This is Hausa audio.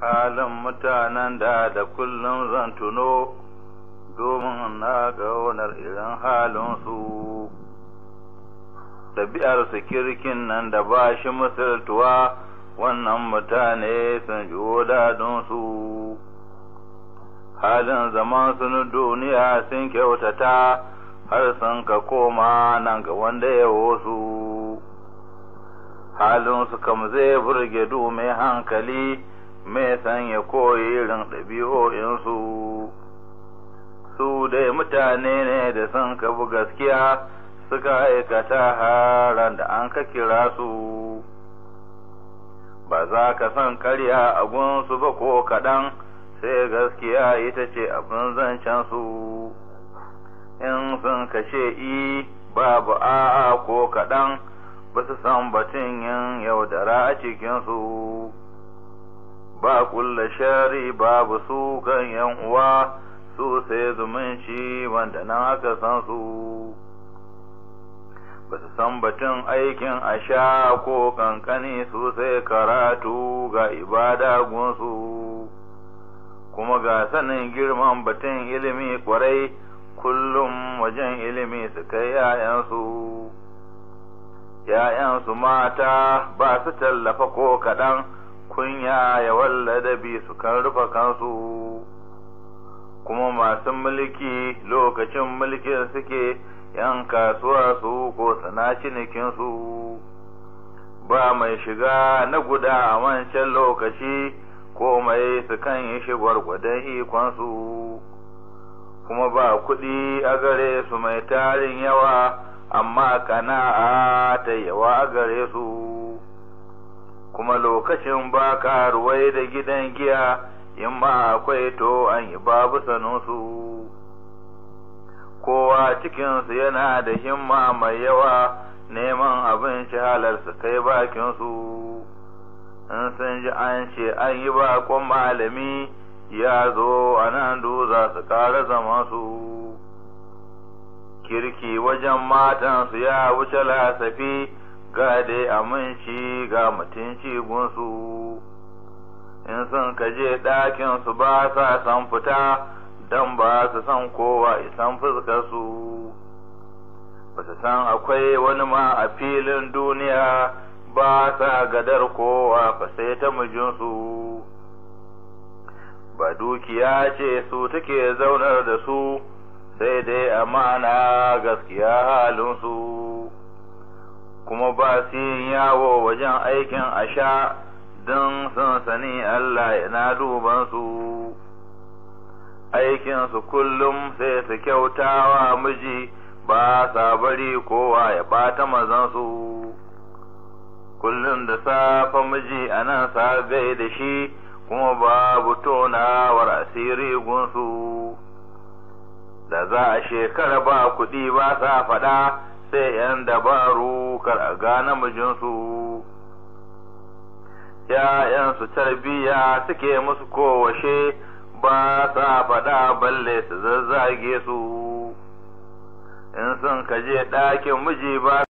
halin mutanen da da kullum zan tuno domin na ƙaunar irin halinsu su kirkin nan da ba shi misaltuwa wannan mutane sun ji su halin zaman na duniya sun kyautata har sun ka koma nan ga wanda ya wasu halin su kam zai burge mai hankali mai san ya koyi irin ɗabi'o'insu su dai mutane ne da sun kabu gaskiya suka aikata haran da an ka kira su ba za ka san karya a gunsu ba ko kaɗan sai gaskiya ita ce abin zancen su in sun kashe i babu a'a ko kaɗan ba su san batun yin yaudara a cikinsu ba ƙulla shari babu su kan yan uwa su sai zumunci wanda nan aka san su ba su san batun aikin a sha ko kankani su sai karatu ga ibada gunsu kuma ga sanin girman batun ilimi kwarai kullum wajen ilimi su kai ‘ya'yansu, ‘ya'yansu mata ba su tallafa ko kaɗan’ kunya ya wallada bi su kan rufa kansu kuma masu mulki lokacin mulkin suke yan kasuwa su ko sana cinikinsu ba mai shiga na guda a wancan lokaci ko mai su kan yi shi gwargwadon ikonsu kuma ba kuɗi a gare su mai tarin yawa amma a ta yawa a gare su kuma lokacin ba ruwai da gidan giya in ma akwai to an yi babu saninsu kowa cikinsu yana da himma mai yawa neman abin halar su kai bakinsu in sun ji an ce an yi bakon malami ya zo a nan za su ƙara zama su kirki wajen matansu ya wuce lasafi ga dai aminci ga mutunci gunsu in sun kaje ɗakin su ba sa san fita don ba su san kowa isan fuskarsu ba su san akwai wani ma a filin duniya ba sa gadar kowa ba sai ta mijinsu ba dukiya ce su take zaunar da su sai dai amana gaskiya halinsu kuma ba su yin yawo wajen aikin asha don sansani Allah yana duban su aikinsu kullum sai su kyautawa miji ba sa bari kowa ya ɓata mazansu kullum da safe miji a nan sagai da shi kuma babu tonawar asiri gunsu da za a shekara ba kuɗi ba sa faɗa sai ‘yan dabaru karga namijinsu, ‘ya'yansu tarbiyya suke musu kowashe ba sa faɗa balle su zazzage su, in sun kaje ɗakin miji ba